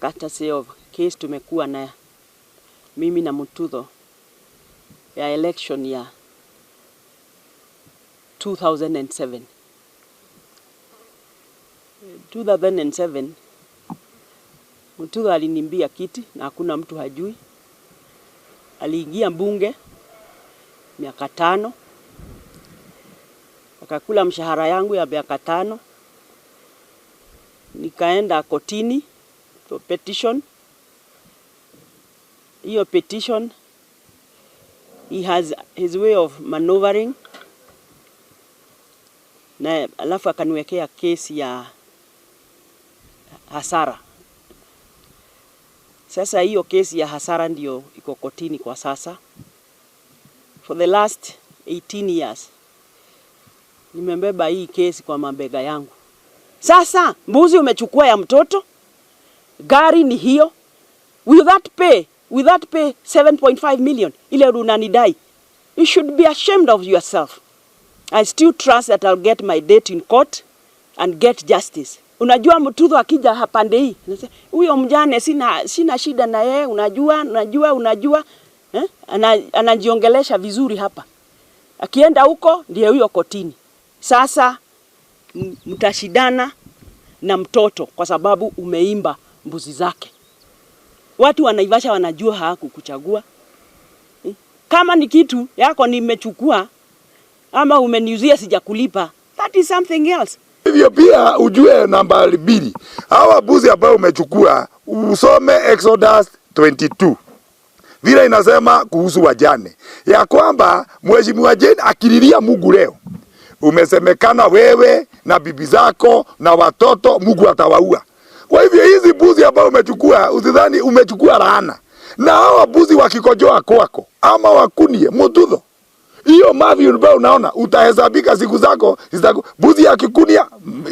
courtesy of case tumekuwa na mimi na Mutudho ya election ya 2007. 2007 Mutudho alinimbia kiti na hakuna mtu hajui. Aliingia mbunge miaka tano, akakula mshahara yangu ya miaka tano, nikaenda kotini petition hiyo petition he has his way of maneuvering na alafu akaniwekea kesi ya hasara. Sasa hiyo kesi ya hasara ndiyo iko kotini kwa sasa. For the last 18 years nimebeba hii kesi kwa mabega yangu. Sasa mbuzi umechukua ya mtoto gari ni hiyo, with that pay, with that pay 7.5 million ile unanidai. You should be ashamed of yourself. I still trust that I'll get my date in court and get justice. Unajua, Mtutho akija hapa ndei hii huyo mjane sina, sina shida na yeye, unajua unajua unajua eh? Ana, anajiongelesha vizuri hapa, akienda huko ndiye huyo kotini. Sasa mtashidana na mtoto kwa sababu umeimba mbuzi zake. Watu wanaivasha wanajua hakukuchagua eh, Kama ni kitu yako nimechukua ama umeniuzia sijakulipa, that is something else. Hivyo pia ujue namba mbili, hawa mbuzi ambayo umechukua usome Exodus 22 vile inasema kuhusu wajane ya kwamba mheshimiwa Jane akililia Mungu leo, umesemekana wewe na bibi zako na watoto, Mungu atawaua. Kwa hivyo hizi buzi ambayo umechukua, usidhani umechukua laana. Na hawa buzi wakikojoa kwako ama wakunie mududho hiyo mavi ambayo unaona utahesabika siku zako zitaku. Mbuzi akikunia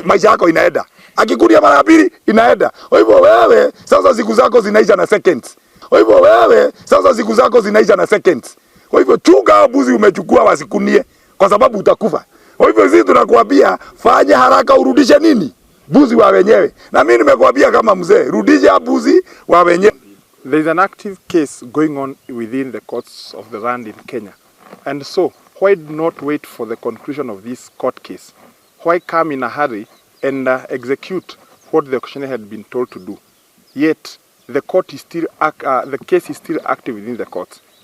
maisha yako inaenda, akikunia mara pili inaenda. Kwa hivyo wewe sasa siku zako zinaisha na seconds. Kwa hivyo wewe sasa siku zako zinaisha na seconds. Kwa hivyo chunga buzi umechukua wasikunie, kwa sababu utakufa. Kwa hivyo sisi tunakuambia fanya haraka urudishe nini buzi wa wenyewe, na mimi nimekuambia kama mzee, rudisha buzi wa wenyewe. There is an active case going on within the courts of the land in Kenya and so why not wait for the conclusion of this court case? Why come in a hurry and uh, execute what the auctioneer had been told to do? Yet the court is still uh, the case is still active within the courts.